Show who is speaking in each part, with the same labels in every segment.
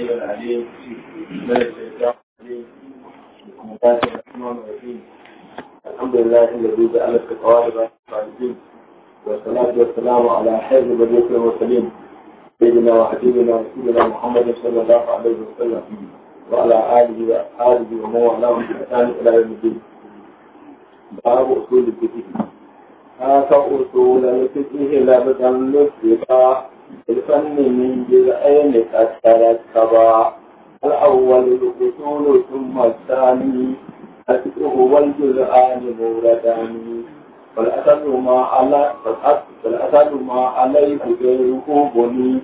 Speaker 1: السميع العليم الرحيم الحمد لله الذي جعل التقارب الصالحين والصلاة والسلام على خير بني وسليم سيدنا وحبيبنا رسولنا محمد صلى الله عليه وسلم وعلى آله وآله ومن والاه بإحسان إلى يوم الدين باب أصول الفقه هذا أصول الفقه لابد أن نثبت من بالعين قد تركبا الأول الأصول ثم الثاني الفقه والجزآن موردان والأثر ما على ما عليه غيره بني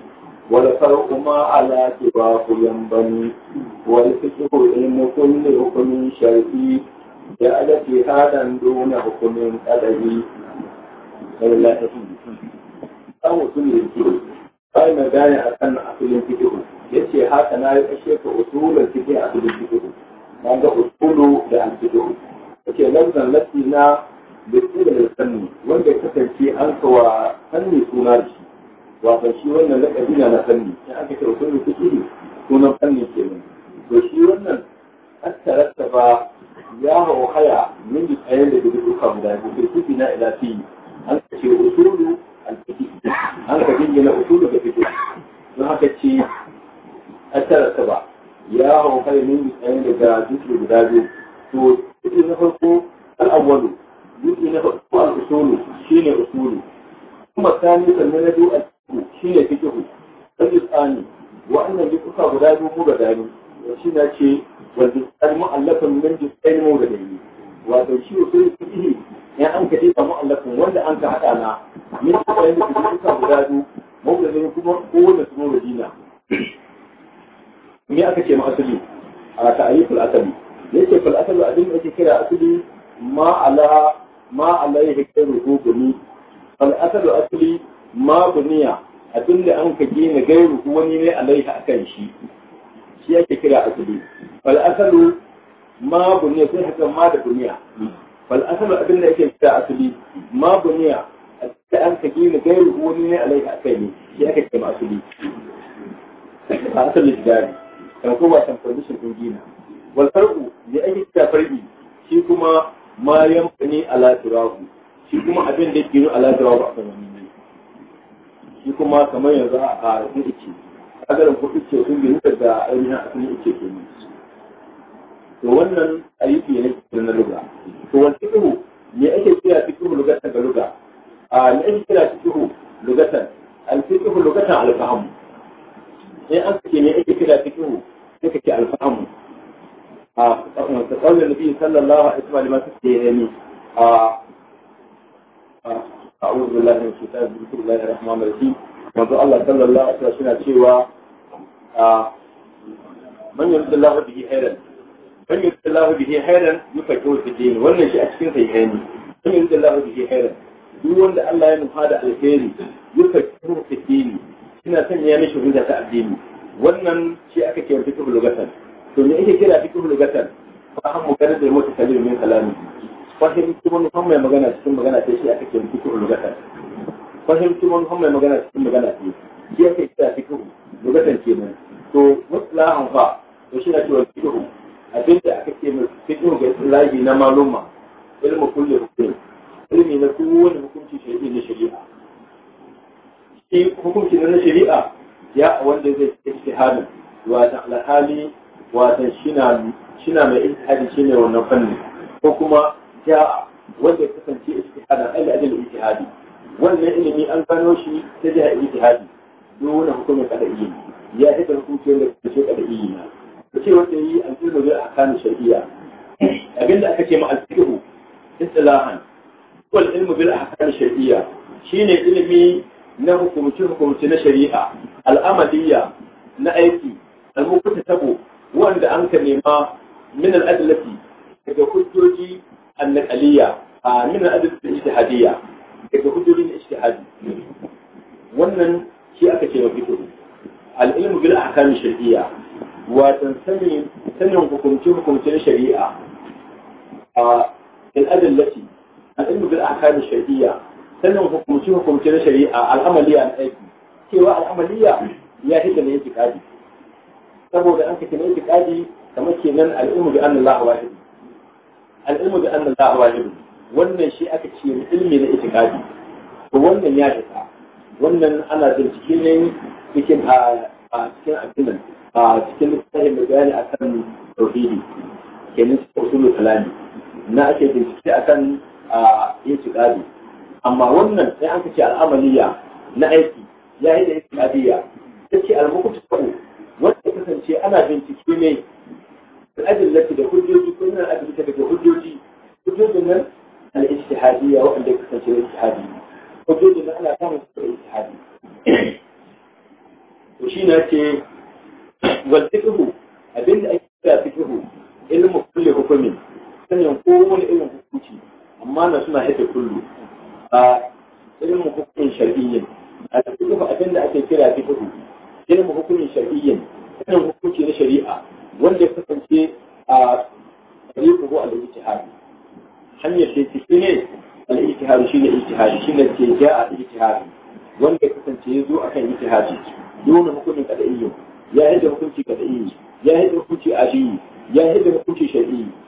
Speaker 1: والفرق ما على سواه ينبني والفقه علم كل حكم شرعي جعل جهادا دون حكم أدبي. لا يحب. أو سنة kai mai bayani a kan asulin fikihu ya ce haka na yi kashe ka usulun cikin asulin fikihu na ga usulu da alfikihu ya ce lafzan lafi na da da sanni wanda ya kasance an kawa sanni suna da shi wato shi wannan na na na sanni in aka ce usulun fikihu sunan sanni kenan to shi wannan an ba ya hauhaya min da tsayen da gudu duka guda biyu da na ila fi. an kashe usulu alfikihu an ka jingina usulu da guda biyu to kudi na farko al'awwalu yuki na farko al shi ne usulu kuma tani sannan na biyu a cikin al-fiqhu shine fiqhu al tsani wa'annan yi kusa guda biyu mu ga dani shi na ce wanda al mu'allafan min tsari mu ga dani wato shi usulu fiqhi ya an kaje ta mu'allafin wanda an ka haɗa na min juz'ain da kusa guda biyu mu ga dani kuma kowanne su mu ga dina me aka ce ma asali a ta'ayyukul asali yake fal asalu abin da ake kira asali ma ala ma alaihi gairu gumi fal asalu asali ma buniya abin da an ka gina gairu wani ne a akan shi shi yake kira asali fal asalu ma buniya sai haka ma da buniya fal asalu abin da yake kira asali ma buniya da an ka gina gairu wani ne alaihi akan ne shi yake kira asali a asali jidari kan kuma san permission din gina ma yanfani ala turahu shi kuma abin da yake ala turahu a kan wani shi kuma kamar yanzu a rufin ce kagarin ku ce sun bi da ainihin a ice ke ne to wannan ayyuki ne na lura to قول النبي صلى الله عليه وسلم لما أعوذ بالله من الشيطان بسم الله الرحمن الرحيم manzo Allah sallallahu alaihi wasallam suna cewa man yuridillahu bihi khairan man yuridillahu bihi khairan yufaqihu fi din wannan shi a cikin sahihaini man yuridillahu bihi khairan duk wanda Allah ya nufa da alheri yufaqihu fi din ina sanya mishi hujja ta addini wannan shi aka kira fiqh lugatan to me ake kira fiqh lugatan rajul min kalami fahimci mun han mai magana cikin magana ta shi aka ke fikiru lugatan fahimci mun han mai magana cikin magana ta shi aka ke ta fikiru lugatan kenan to mutla'an fa to shi na cewa fikiru abinda aka ke mai fikiru ga islahi na maluma ilmu kulli hukum ilmi na kowane hukunci shari'i na shari'a shi hukunci na shari'a ya wanda zai ijtihadin wa ta'ala hali wa ta shina shina mai ijtihadi shine wannan fanni ko kuma ja'a wanda ya kasance ijtihadan ai ajal ijtihadi wannan ilimi an gano shi ta jiha ijtihadi dole hukumin yi. ya hada hukunci wanda ke qad'i na to ce wanda yi al-ilmu bil ahkam shar'iyya abinda aka ce ma al-fiqh istilahan wal ilmu bil ahkam shar'iyya shine ilimi na hukumci hukumci na shari'a al'amaliyya na aiki al-muqtasab wanda an ka nema min al-adillati daga hujjoji an-naqaliyya a wannan shi aka ce mafi kudu al-ilmu bil ahkam shar'iyya watan sanin sanin hukunci hukuncin shari'a a al-adillati al-ilmu bil ahkam shar'iyya sanin hukunci hukuncin shari'a al na ya saboda an kace ne itikadi kamar kenan al'ilmu bi anna Allah wahid al'ilmu bi anna Allah wahid wannan shi aka ce ilmi na itikadi to wannan ya isa wannan ana bincike ne cikin a cikin addinin a cikin littafin mai bayani akan tauhidi kenan usulul kalami na ake bincike akan a itikadi amma wannan sai an ce al'amaliya na aiki ya yi da itikadiyya ta ce al-muqtadu wanda kasance ana bincike ne والأدلة بحجوجي كنا أدلة بحجوجي حجوج من الاجتهادية وعندك تسجيل الاجتهادية حجوج من أنا كان الاجتهادية وشينا كي والفقه أبين أي فقه علم كل حكم سن ينقوم علم حكمتي أما نسمع هذا كله آه، علم حكم شرعي الفقه أبين لا أتكرا فقه علم حكم شرعي sanin hukunci na shari'a wanda ya bincike a tarihu al-ijtihad hanyar bincike ne al-ijtihad shine ijtihad shine ke ja'a ijtihad wanda ya kasance ya zo a kan akan ijtihad dole hukumin kadai ya yadda hukunci kadai ya yadda hukunci ali ya yadda hukunci shar'i